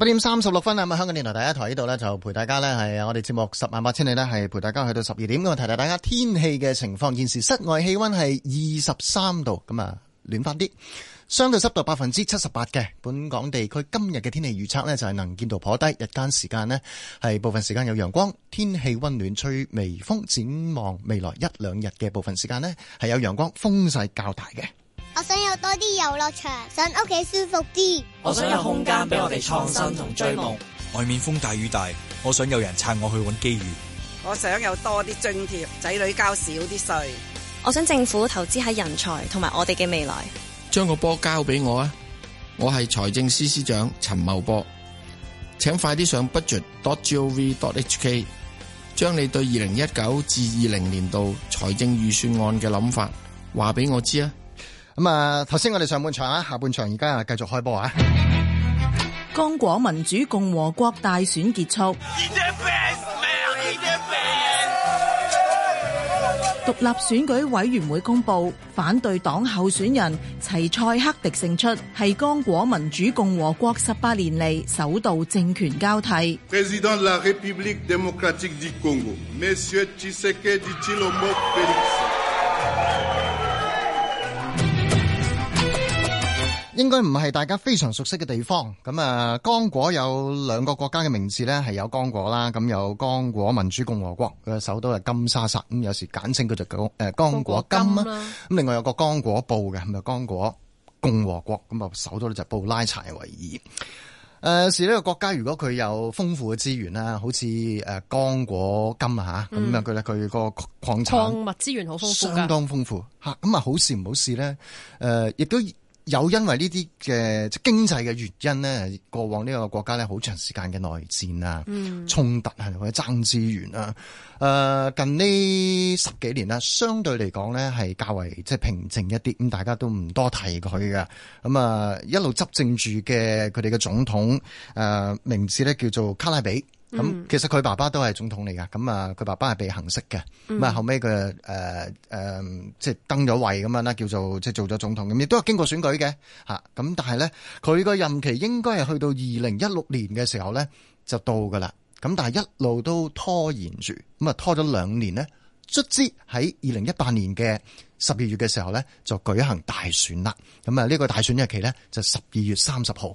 八點三十六分啊，香港電台第一台呢度咧，就陪大家呢係我哋節目十萬八千里呢係陪大家去到十二點，咁啊，提提大家天氣嘅情況。現時室外氣溫係二十三度，咁啊，暖翻啲。相對濕度百分之七十八嘅本港地區今日嘅天氣預測呢，就係能見度頗低，日間時間呢，係部分時間有陽光，天氣溫暖，吹微風。展望未來一兩日嘅部分時間呢，係有陽光，風勢較大嘅。我想有多啲遊樂場，想屋企舒服啲。我想有空間俾我哋創新同追夢。外面風大雨大，我想有人撐我去揾機遇。我想有多啲津貼，仔女交少啲稅。我想政府投資喺人才同埋我哋嘅未來。將個波交俾我啊！我係財政司司長陳茂波，請快啲上 budget.gov.hk，將你對二零一九至二零年度財政預算案嘅諗法話俾我知啊！咁啊，頭先我哋上半場啊，下半場而家啊，繼續開波啊！剛果民主共和國大選結束，best, man, 獨立選舉委員會公布，反對黨候選人齊塞克迪勝出，係剛果民主共和國十八年嚟，首度政權交替。應該唔係大家非常熟悉嘅地方咁啊。剛果有兩個國家嘅名字咧，係有剛果啦，咁有剛果民主共和國佢嘅首都係金沙薩，咁有時簡稱佢就叫「誒剛果金啦。咁、啊、另外有個剛果布嘅係咪剛果共和國咁啊，首都呢就布拉柴維爾。誒、呃，是呢個國家如果佢有豐富嘅資源啦，好似誒剛果金吓咁樣佢咧，佢個礦產礦物資源好豐富，相當豐富吓。咁啊，好事唔好事咧？誒、呃、亦都。有因為呢啲嘅即係經濟嘅原因咧，過往呢個國家咧好長時間嘅內戰啊、嗯、衝突啊或者爭資源啊，誒、呃、近呢十幾年咧，相對嚟講咧係較為即係平靜一啲，咁大家都唔多提佢嘅，咁、嗯、啊、呃、一路執政住嘅佢哋嘅總統誒、呃、名字咧叫做卡拉比。咁、嗯、其實佢爸爸都係總統嚟噶，咁啊佢爸爸係被行刺嘅，咁、嗯、啊後尾佢誒誒即係登咗位咁樣啦，叫做即係做咗總統咁，亦都有經過選舉嘅吓。咁但係咧，佢個任期應該係去到二零一六年嘅時候咧就到噶啦。咁但係一路都拖延住，咁啊拖咗兩年呢，卒之喺二零一八年嘅十二月嘅時候咧就舉行大選啦。咁啊呢個大選日期咧就十二月三十號。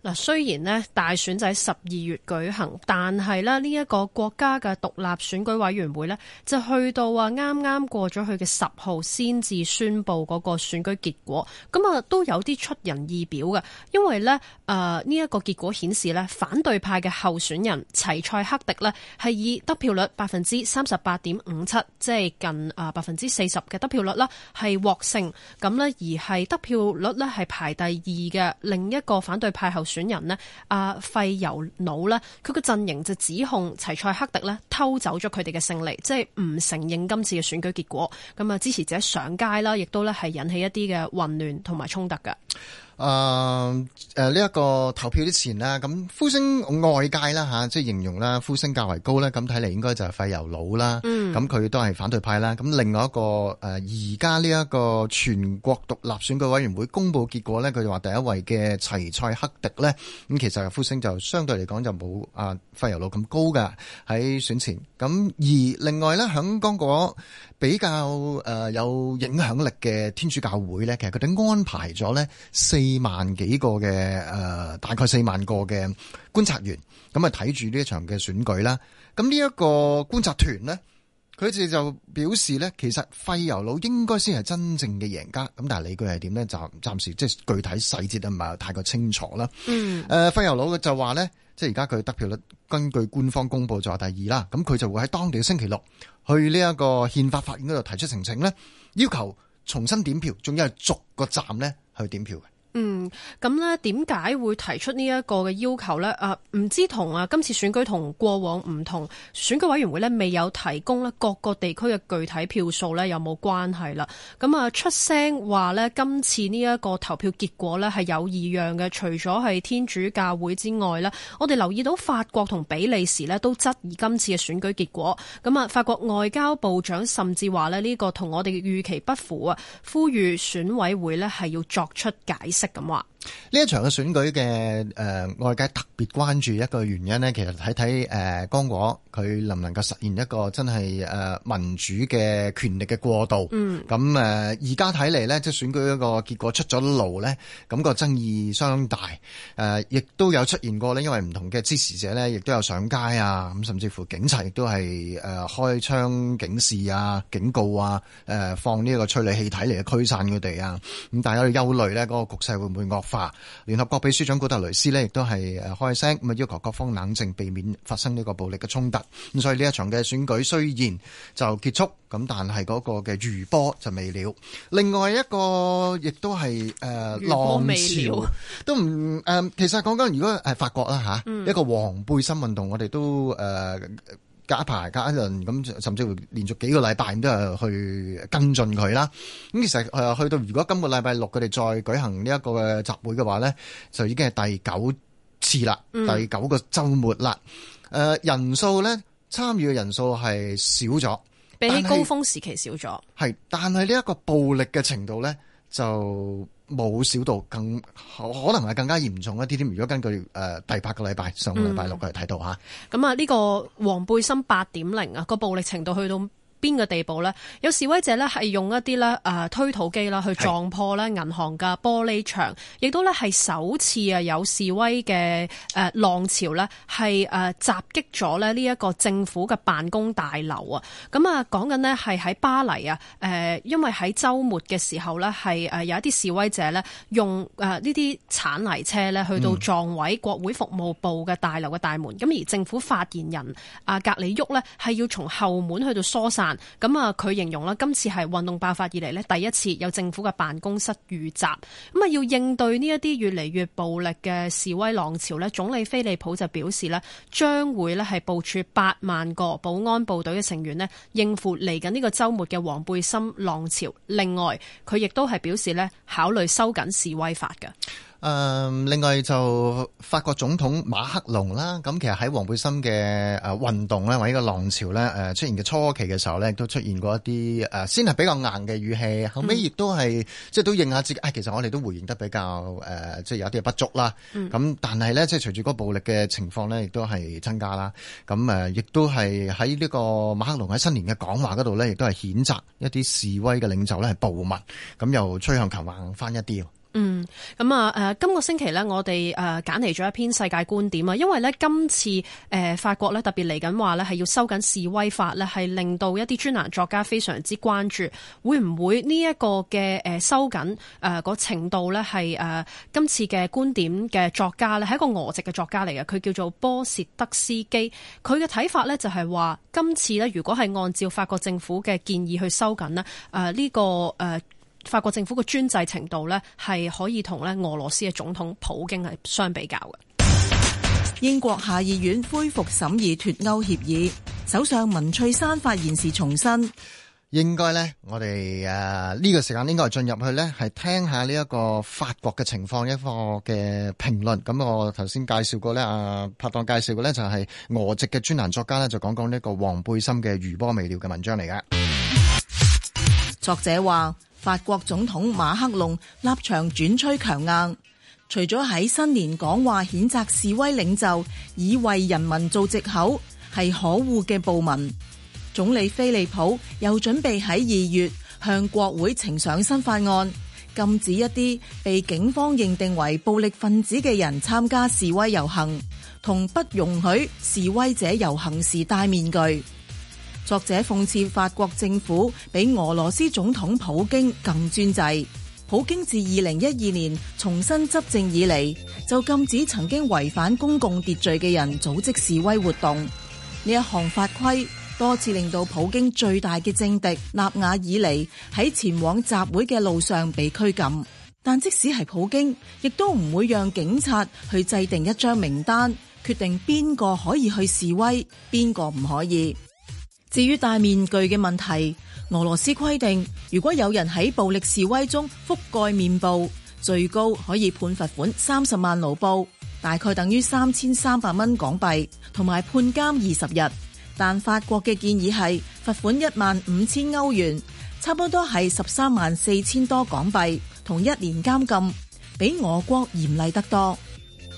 嗱，雖然呢大選就喺十二月舉行，但係呢一個國家嘅獨立選舉委員會呢，就去到啊啱啱過咗去嘅十號先至宣布嗰個選舉結果，咁啊都有啲出人意表嘅，因為呢誒呢一個結果顯示呢反對派嘅候選人齊塞克迪呢，係以得票率百分之三十八點五七，即係近啊百分之四十嘅得票率啦，係獲勝，咁呢，而係得票率呢，係排第二嘅另一個反對派候選人。選人呢，阿費尤努呢，佢個陣營就指控齊塞克迪呢偷走咗佢哋嘅勝利，即係唔承認今次嘅選舉結果。咁啊，支持者上街啦，亦都呢係引起一啲嘅混亂同埋衝突㗎。誒、呃、誒，呢、呃、一、這個投票之前啦，咁呼聲外界啦吓、啊，即係形容啦，呼聲較為高咧，咁睇嚟應該就係費尤魯啦。咁佢都係反對派啦。咁另外一個誒，而家呢一個全國獨立選舉委員會公布結果咧，佢就話第一位嘅齊塞克迪咧，咁其實呼聲就相對嚟講就冇啊費尤魯咁高噶。喺選前咁，而另外咧，響剛果比較誒、呃、有影響力嘅天主教會咧，其實佢哋安排咗咧四。二萬幾個嘅誒、呃，大概四萬個嘅觀察員咁啊，睇住呢一場嘅選舉啦。咁呢一個觀察團呢，佢哋就表示呢，其實費油佬應該先係真正嘅贏家。咁但係理據係點呢？就暫時即係具體細節都唔係太過清楚啦。誒、嗯，呃、費油佬就話呢，即係而家佢得票率根據官方公布就話第二啦。咁佢就會喺當地星期六去呢一個憲法法院嗰度提出呈請呢，要求重新點票，仲要係逐個站呢去點票嘅。嗯，咁咧，點解會提出呢一個嘅要求咧？啊，唔知同啊今次選舉同過往唔同，選舉委員會咧未有提供咧各個地區嘅具體票數咧有冇關係啦？咁啊出聲話咧今次呢一個投票結果咧係有異樣嘅，除咗係天主教會之外咧，我哋留意到法國同比利時咧都質疑今次嘅選舉結果。咁啊，法國外交部長甚至話咧呢個同我哋嘅預期不符啊，呼籲選委會咧係要作出解釋。食咁話。呢一場嘅選舉嘅誒，外、呃、界特別關注一個原因呢，其實睇睇誒，剛、呃、果佢能唔能夠實現一個真係誒、呃、民主嘅權力嘅過渡？嗯，咁誒而家睇嚟呢，即係選舉一個結果出咗爐呢，咁、那個爭議相當大。誒、呃，亦都有出現過呢，因為唔同嘅支持者呢，亦都有上街啊，咁甚至乎警察亦都係誒開槍警示啊、警告啊，誒、呃、放呢個個催淚氣體嚟嘅驅散佢哋啊。咁大家憂慮呢嗰個局勢會唔會惡化聯合國秘書長古特雷斯呢，亦都係誒開聲咁要求各方冷靜，避免發生呢個暴力嘅衝突。咁所以呢一場嘅選舉雖然就結束咁，但係嗰個嘅餘波就未了。另外一個亦都係誒、呃、浪潮都唔誒、呃，其實講緊如果係法國啦嚇，啊嗯、一個黃背心運動，我哋都誒。呃隔一排、隔一輪咁，甚至乎連續幾個禮拜都係去跟進佢啦。咁其實誒去到如果今個禮拜六佢哋再舉行呢一個嘅集會嘅話咧，就已經係第九次啦、嗯，第九個週末啦。誒、呃、人數咧參與嘅人數係少咗，比起高峰時期少咗。係，但係呢一個暴力嘅程度咧就冇少到更可能係更加嚴重一啲添，如果根據誒、呃、第八個禮拜、上個禮拜六過嚟睇到吓，咁啊呢個黃背心八點零啊個暴力程度去到，邊個地步呢？有示威者呢，係用一啲咧誒推土機啦，去撞破咧銀行嘅玻璃牆，亦都呢係首次啊有示威嘅誒、呃、浪潮呢，係、呃、誒襲擊咗咧呢一個政府嘅辦公大樓啊！咁啊講緊呢係喺巴黎啊誒、呃，因為喺週末嘅時候呢，係誒有一啲示威者呢，用誒呢啲鏟泥車呢去到撞毀國會服務部嘅大樓嘅大門，咁、嗯、而政府發言人阿格里旭呢，係要從後門去到疏散。咁啊，佢形容啦，今次係運動爆發以嚟呢，第一次有政府嘅辦公室遇襲，咁啊要應對呢一啲越嚟越暴力嘅示威浪潮呢，總理菲利普就表示呢，將會呢係部署八萬個保安部隊嘅成員呢，應付嚟緊呢個週末嘅黃背心浪潮。另外，佢亦都係表示呢考慮收緊示威法嘅。誒、嗯，另外就法國總統馬克龍啦，咁其實喺黃背心嘅誒運動咧，或者個浪潮咧，誒出現嘅初期嘅時候咧，都出現過一啲誒先係比較硬嘅語氣，後尾亦都係即係都認下自己，誒、嗯、其實我哋都回應得比較誒即係有啲不足啦。咁、嗯、但係咧，即係隨住嗰個暴力嘅情況咧，亦都係增加啦。咁誒亦都係喺呢個馬克龍喺新年嘅講話嗰度咧，亦都係譴責一啲示威嘅領袖咧係暴民，咁又趨向強硬翻一啲。嗯，咁、嗯、啊，誒、呃，今個星期呢，我哋誒揀嚟咗一篇世界觀點啊，因為呢，今次誒、呃、法國呢，特別嚟緊話呢，係要收緊示威法呢，係令到一啲專欄作家非常之關注，會唔會呢一個嘅誒收緊誒嗰程度呢？係誒、呃、今次嘅觀點嘅作家呢，係一個俄籍嘅作家嚟嘅，佢叫做波薛德斯基，佢嘅睇法呢，就係、是、話今次呢，如果係按照法國政府嘅建議去收緊呢，誒、呃、呢、這個誒。呃法國政府嘅專制程度呢係可以同咧俄羅斯嘅總統普京係相比較嘅。英國下議院恢復審議脫歐協議，首相文翠山發言時重申：應該呢，我哋誒呢個時間應該係進入去呢，係聽下呢一個法國嘅情況一個嘅評論。咁我頭先介紹過呢，啊、拍檔介紹過呢，就係、是、俄籍嘅專欄作家呢，就講講呢個黃背心嘅餘波未了嘅文章嚟㗎。作者話。法國總統馬克龍立場轉趨強硬，除咗喺新年講話譴責示威領袖以為人民做藉口，係可惡嘅暴民。總理菲利普又準備喺二月向國會呈上新法案，禁止一啲被警方認定為暴力分子嘅人參加示威遊行，同不容許示威者遊行時戴面具。作者諷刺法國政府比俄羅斯總統普京更專制。普京自二零一二年重新執政以嚟，就禁止曾經違反公共秩序嘅人組織示威活動。呢一項法規多次令到普京最大嘅政敵納瓦爾尼喺前往集會嘅路上被拘禁。但即使係普京，亦都唔會讓警察去制定一張名單，決定邊個可以去示威，邊個唔可以。至於戴面具嘅問題，俄羅斯規定，如果有人喺暴力示威中覆蓋面部，最高可以判罰款三十萬盧布，大概等於三千三百蚊港幣，同埋判監二十日。但法國嘅建議係罰款一萬五千歐元，差不多係十三萬四千多港幣，同一年監禁，比俄國嚴厲得多。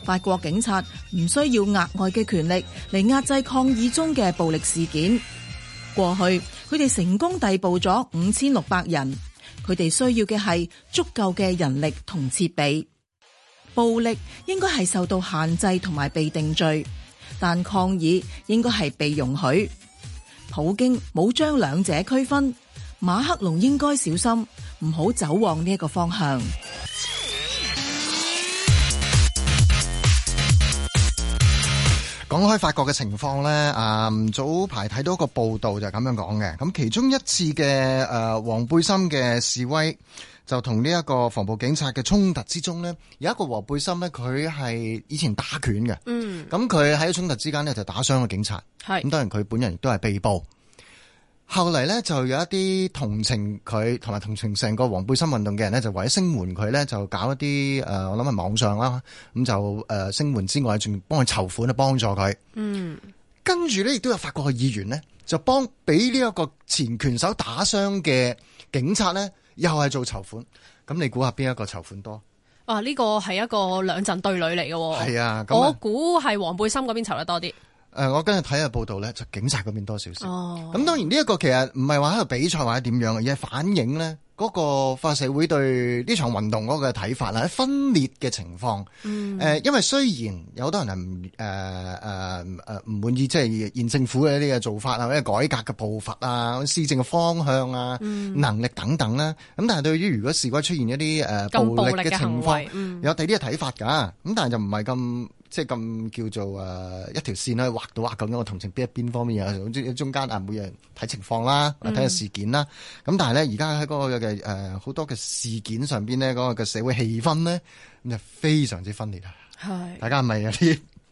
法國警察唔需要額外嘅權力嚟壓制抗議中嘅暴力事件。過去，佢哋成功逮捕咗五千六百人。佢哋需要嘅係足夠嘅人力同設備。暴力應該係受到限制同埋被定罪，但抗議應該係被容許。普京冇將兩者區分，馬克龍應該小心，唔好走往呢一個方向。講開法國嘅情況咧，啊，早排睇到一個報道就係咁樣講嘅，咁其中一次嘅誒黃背心嘅示威，就同呢一個防暴警察嘅衝突之中咧，有一個黃背心咧，佢係以前打拳嘅，嗯，咁佢喺衝突之間咧就打傷個警察，係，咁當然佢本人亦都係被捕。後嚟咧就有一啲同情佢，同埋同情成個黃背心運動嘅人咧，就為咗聲援佢咧，就搞一啲誒，我諗係網上啦，咁就誒聲援之外，仲幫佢籌款啊，幫助佢。嗯跟呢，跟住咧亦都有法國嘅議員咧，就幫俾呢一個前拳手打傷嘅警察咧，又係做籌款。咁你估下邊一個籌款多？哇、啊！呢個係一個兩陣對壘嚟嘅，係啊，咁我估係黃背心嗰邊籌得多啲。誒、呃，我今日睇下報道咧，就警察嗰邊多少少。哦，咁當然呢一個其實唔係話喺度比賽或者點樣啊，而係反映咧嗰個法社會對呢場運動嗰個睇法啦。喺分裂嘅情況，誒、嗯，因為雖然有好多人係唔誒誒誒唔滿意，即、就、係、是、現政府嘅一啲嘅做法啊，或者改革嘅步伐啊、施政嘅方向啊、能力等等啦。咁、嗯、但係對於如果事歸出現一啲誒、呃、暴力嘅情況、嗯，有第啲嘅睇法噶。咁但係就唔係咁。即係咁叫做誒一條線可以畫到畫緊我同情邊一邊方面嘢？中間啊每樣睇情況啦，睇下事件啦。咁、嗯、但係咧、嗰個，而家喺嗰個嘅誒好多嘅事件上邊咧，嗰、嗰個嘅社會氣氛咧，咁就非常之分裂啦。係，大家係咪有啲？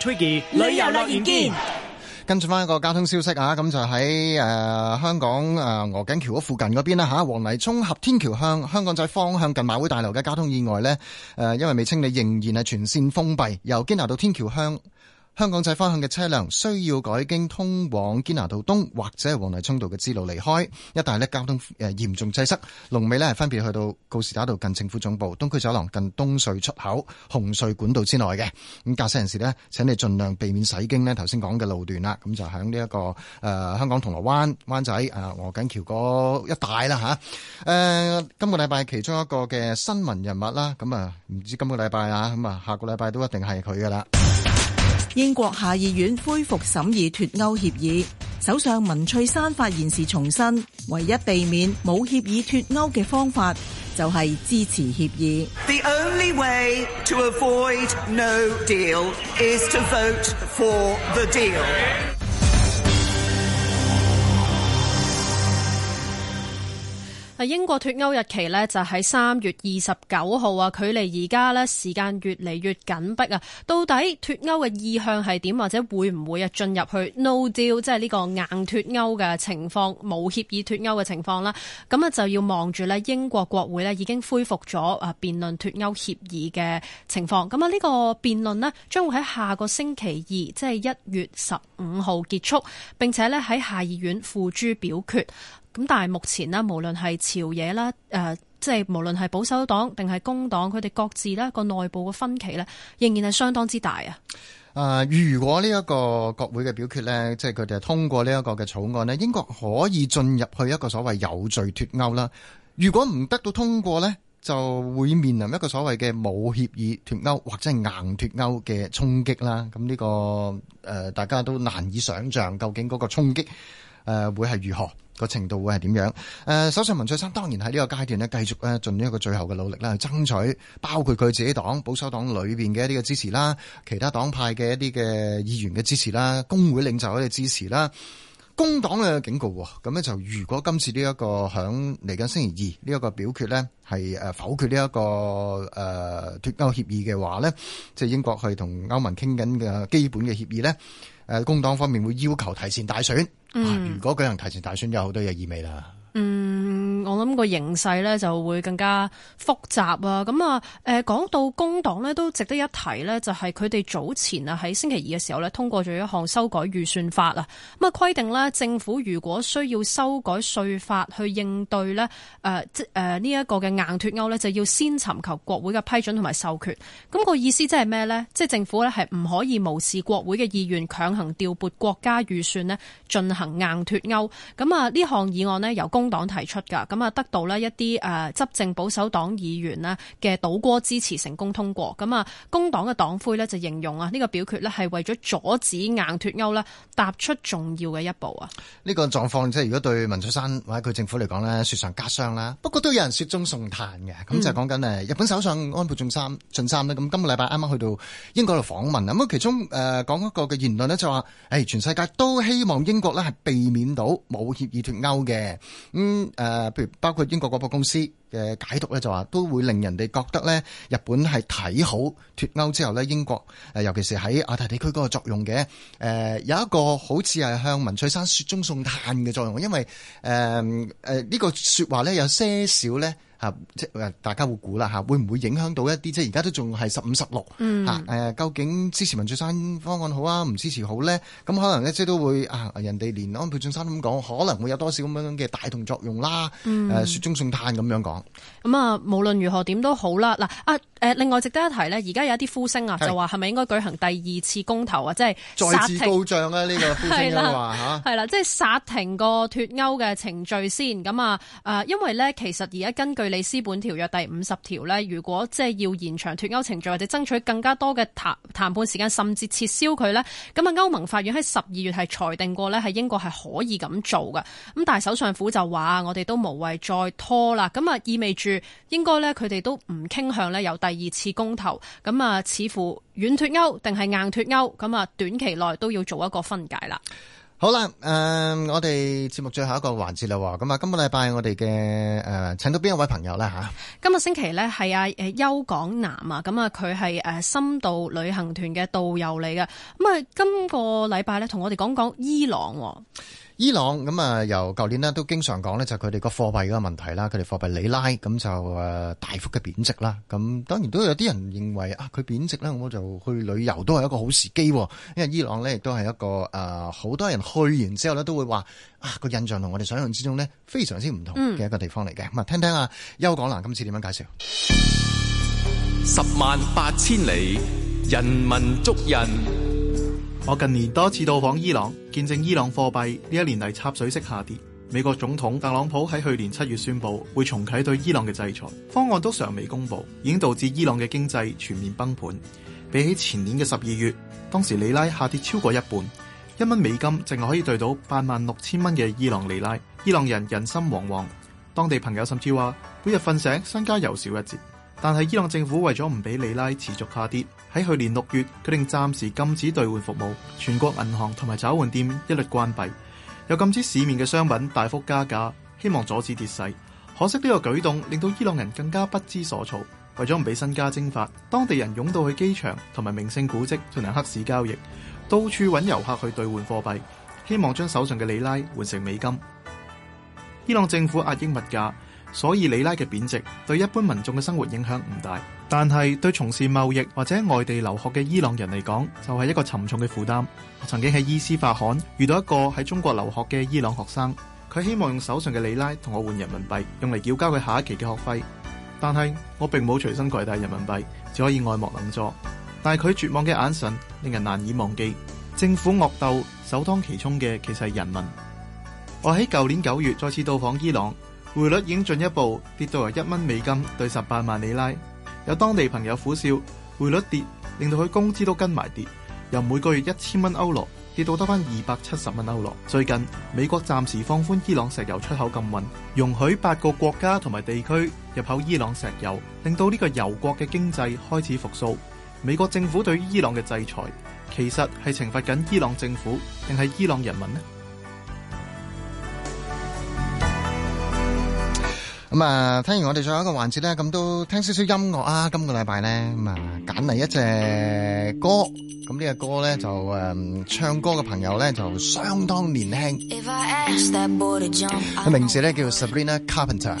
Tiger 旅遊樂園見，跟住翻一個交通消息啊！咁就喺誒、呃、香港誒鵝、呃、頸橋附近嗰邊啦吓，黃泥涌合天橋鄉香港仔方向近馬會大樓嘅交通意外呢，誒、呃、因為未清理，仍然係全線封閉，由堅拿道天橋鄉。香港仔方向嘅車輛需要改經通往堅拿道東或者係黃泥涌道嘅支路離開。一帶咧交通誒嚴、呃、重擠塞，龍尾呢係分別去到告士打道近政府總部、東區走廊近東隧出口、紅隧管道之內嘅。咁駕駛人士呢，請你盡量避免駛經咧頭先講嘅路段啦。咁就喺呢一個誒、呃、香港銅鑼灣灣仔啊鵝頸橋嗰一帶啦吓。誒、啊呃，今個禮拜其中一個嘅新聞人物啦，咁啊唔知今個禮拜啊，咁啊下個禮拜都一定係佢噶啦。英國下議院恢復審議脫歐協議，首相文翠珊發言時重申，唯一避免冇協議脫歐嘅方法就係、是、支持協議。The only way to avoid no deal is to vote for the deal. 英國脫歐日期呢就喺三月二十九號啊，距離而家呢時間越嚟越緊迫啊！到底脫歐嘅意向係點，或者會唔會啊進入去 No Deal，即係呢個硬脫歐嘅情況，冇協議脫歐嘅情況啦？咁啊就要望住呢英國國會呢已經恢復咗啊辯論脫歐協議嘅情況。咁啊呢個辯論呢將會喺下個星期二，即係一月十五號結束，並且呢喺下議院付諸表決。咁但係目前啦，無論係朝野啦，誒，即係無論係保守黨定係工黨，佢哋各自啦個內部嘅分歧咧，仍然係相當之大啊。誒、呃，如果呢一個國會嘅表決咧，即係佢哋係通過呢一個嘅草案咧，英國可以進入去一個所謂有序脫歐啦。如果唔得到通過咧，就會面臨一個所謂嘅冇協議脫歐或者係硬脫歐嘅衝擊啦。咁呢、這個誒、呃，大家都難以想象究竟嗰個衝擊誒會係如何。個程度會係點樣？呃、首相文翠珊當然喺呢個階段呢繼續盡呢一個最後嘅努力啦，爭取包括佢自己黨保守黨裏邊嘅一啲嘅支持啦，其他黨派嘅一啲嘅議員嘅支持啦，工會領袖嘅支持啦。工黨嘅警告喎，咁呢，就如果今次呢、這、一個響嚟緊星期二呢一個表決呢，係否決呢、這、一個誒、呃、脫歐協議嘅話呢，即係英國去同歐盟傾緊嘅基本嘅協議呢，誒工黨方面會要求提前大選。嗯啊、如果佢能提前打算，有好多嘢意味啦。嗯，我諗個形勢呢就會更加複雜啊！咁啊，誒，講到工黨呢，都值得一提呢，就係佢哋早前啊喺星期二嘅時候呢，通過咗一項修改預算法啊，咁啊規定呢，政府如果需要修改稅法去應對呢誒即誒呢一個嘅硬脫歐呢，就要先尋求國會嘅批准同埋授權。咁個意思即係咩呢？即係政府呢，係唔可以無視國會嘅意願，強行調撥國家預算呢，進行硬脫歐。咁啊呢項議案呢，由工黨提出噶，咁啊，得到咧一啲誒執政保守黨議員咧嘅倒戈支持，成功通過咁啊。工黨嘅黨魁呢就形容啊，呢個表決呢係為咗阻止硬脱歐呢踏出重要嘅一步啊。呢、這個狀況，即係如果對文翠珊或者佢政府嚟講呢，雪上加霜啦。不過都有人雪中送炭嘅，咁、嗯、就講緊誒日本首相安倍晉三晉三呢。咁今個禮拜啱啱去到英國度訪問啊。咁其中誒、呃、講一個嘅言論呢、就是，就話誒，全世界都希望英國呢係避免到冇協議脱歐嘅。嗯誒，譬、呃、如包括英國廣播公司嘅解讀咧，就話都會令人哋覺得咧，日本係睇好脫歐之後咧，英國、呃、尤其是喺亞太地區嗰個作用嘅、呃、有一個好似係向文翠珊雪中送炭嘅作用，因為誒誒、呃呃這個、呢個說話咧有些少咧。即係大家會估啦嚇，會唔會影響到一啲？即係而家都仲係十五十六嚇，究竟支持文翠珊方案好啊，唔支持好咧？咁可能咧，即係都會啊，人哋連安倍晉三咁講，可能會有多少咁樣嘅帶動作用啦、嗯？雪中送炭咁樣講。咁啊，無論如何點都好啦。嗱啊誒，另外值得一提呢，而家有一啲呼聲啊，就話係咪應該舉行第二次公投啊？即係再次高漲咧？呢、這個呼聲嘅話啦，即 係、就是、殺停個脱歐嘅程序先。咁啊誒，因為咧，其實而家根據里斯本條約第五十條呢，如果即係要延長脱歐程序或者爭取更加多嘅談談判時間，甚至撤銷佢呢，咁啊，歐盟法院喺十二月係裁定過呢，喺英國係可以咁做嘅。咁但係首相府就話，我哋都無謂再拖啦。咁啊，意味住應該呢，佢哋都唔傾向呢有第二次公投。咁啊，似乎軟脱歐定係硬脱歐？咁啊，短期內都要做一個分解啦。好啦，誒、嗯，我哋節目最後一個環節啦，咁啊，今個禮拜我哋嘅，誒，請到邊一位朋友咧吓？今個星期咧係、呃、啊，誒邱港南啊，咁、嗯、啊，佢係誒深度旅行團嘅導遊嚟嘅，咁、嗯、啊，今個禮拜咧同我哋講講伊朗、啊。伊朗咁啊，由舊年咧都經常講咧，就佢哋個貨幣嗰個問題啦，佢哋貨幣里拉咁就誒大幅嘅貶值啦。咁當然都有啲人認為啊，佢貶值咧，我就去旅遊都係一個好時機。因為伊朗咧亦都係一個誒好、啊、多人去完之後咧都會話啊個印象同我哋想象之中咧非常之唔同嘅一個地方嚟嘅。咁、嗯、啊，聽聽啊邱港南今次點樣介紹？十萬八千里，人文足印。我近年多次到訪伊朗，見證伊朗貨幣呢一年嚟，插水式下跌。美國總統特朗普喺去年七月宣布會重啟對伊朗嘅制裁，方案都尚未公布，已經導致伊朗嘅經濟全面崩盤。比起前年嘅十二月，當時里拉下跌超過一半，一蚊美金淨係可以兌到八萬六千蚊嘅伊朗里拉。伊朗人人心惶惶，當地朋友甚至話每日瞓醒身家又少一截。但係伊朗政府為咗唔俾里拉持續下跌，喺去年六月決定暫時禁止兌換服務，全國銀行同埋找換店一律關閉，又禁止市面嘅商品大幅加價，希望阻止跌勢。可惜呢個舉動令到伊朗人更加不知所措，為咗唔俾身家蒸發，當地人湧到去機場和同埋名勝古蹟進行黑市交易，到處揾遊客去兌換貨幣，希望將手上嘅里拉換成美金。伊朗政府壓抑物價。所以里拉嘅貶值對一般民眾嘅生活影響唔大，但係對從事貿易或者外地留學嘅伊朗人嚟講，就係一個沉重嘅負擔。我曾經喺伊斯法罕遇到一個喺中國留學嘅伊朗學生，佢希望用手上嘅里拉同我換人民幣，用嚟繳交佢下一期嘅學費。但係我並冇隨身攜帶人民幣，只可以愛莫能助。但係佢絕望嘅眼神令人難以忘記。政府惡鬥，首當其衝嘅其實係人民。我喺舊年九月再次到訪伊朗。匯率已經進一步跌到由一蚊美金對十八萬里拉，有當地朋友苦笑，匯率跌令到佢工資都跟埋跌，由每個月一千蚊歐羅跌到得返二百七十蚊歐羅。最近美國暫時放寬伊朗石油出口禁運，容許八個國家同埋地區入口伊朗石油，令到呢個油國嘅經濟開始復甦。美國政府對於伊朗嘅制裁，其實係懲罰緊伊朗政府定係伊朗人民呢？咁啊，聽完我哋最後一個環節咧，咁都聽少少音樂啊。今個禮拜咧，咁啊揀嚟一隻歌，咁呢個歌咧就誒，唱歌嘅朋友咧就相當年輕。個名字咧叫 Sabrina Carpenter。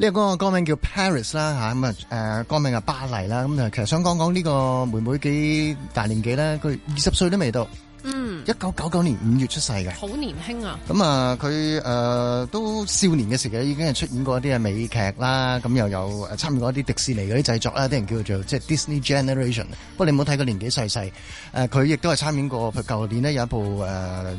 呢、這個歌名叫 Paris 啦嚇，咁啊歌名叫巴黎啦，咁啊其實想講講呢個妹妹幾大年紀呢？佢二十歲都未到。嗯，一九九九年五月出世嘅，好年輕啊！咁、嗯、啊，佢誒、呃、都少年嘅時期咧，已經係出演過一啲嘅美劇啦。咁又有誒參與過一啲迪士尼啲製作啦。啲人叫做即係、就是、Disney Generation。不過你冇睇佢年紀細細，誒、呃，佢亦都係參演過佢舊年咧有一部誒誒、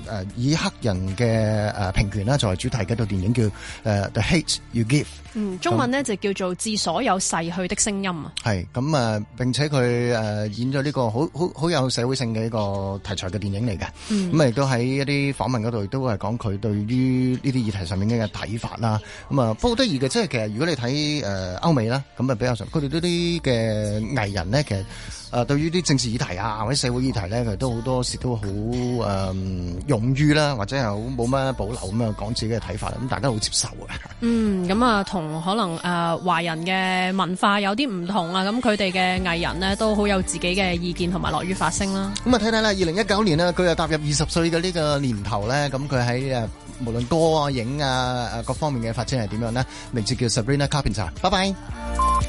呃、以黑人嘅誒平權啦作為主題嘅一套電影叫誒、呃、The Hate You Give。嗯，中文咧、嗯、就叫做《致所有逝去的聲音》啊、嗯。係咁啊，並且佢誒、呃、演咗呢個好好好有社會性嘅一個題材嘅電影。嚟、嗯、嘅，嗯，咁啊亦都喺一啲訪問嗰度都係講佢對於呢啲議題上面嘅睇法啦。咁啊，不過好得意嘅，即係其實如果你睇誒歐美啦，咁啊比較上佢哋呢啲嘅藝人咧，其實。誒、呃、對於啲政治議題啊或者社會議題咧，佢都好多時都好誒、嗯、勇於啦，或者係好冇乜保留咁樣講自己嘅睇法，咁大家好接受嘅、嗯。嗯，咁、嗯、啊，同可能誒、呃、華人嘅文化有啲唔同啊，咁佢哋嘅藝人呢，都好有自己嘅意見同埋樂於發聲啦。咁、嗯、啊，睇睇啦，二零一九年呢，佢又踏入二十歲嘅呢個年頭咧，咁佢喺無論歌啊、影啊各方面嘅發展係點樣呢？名字叫 Sabrina Carpenter，拜拜。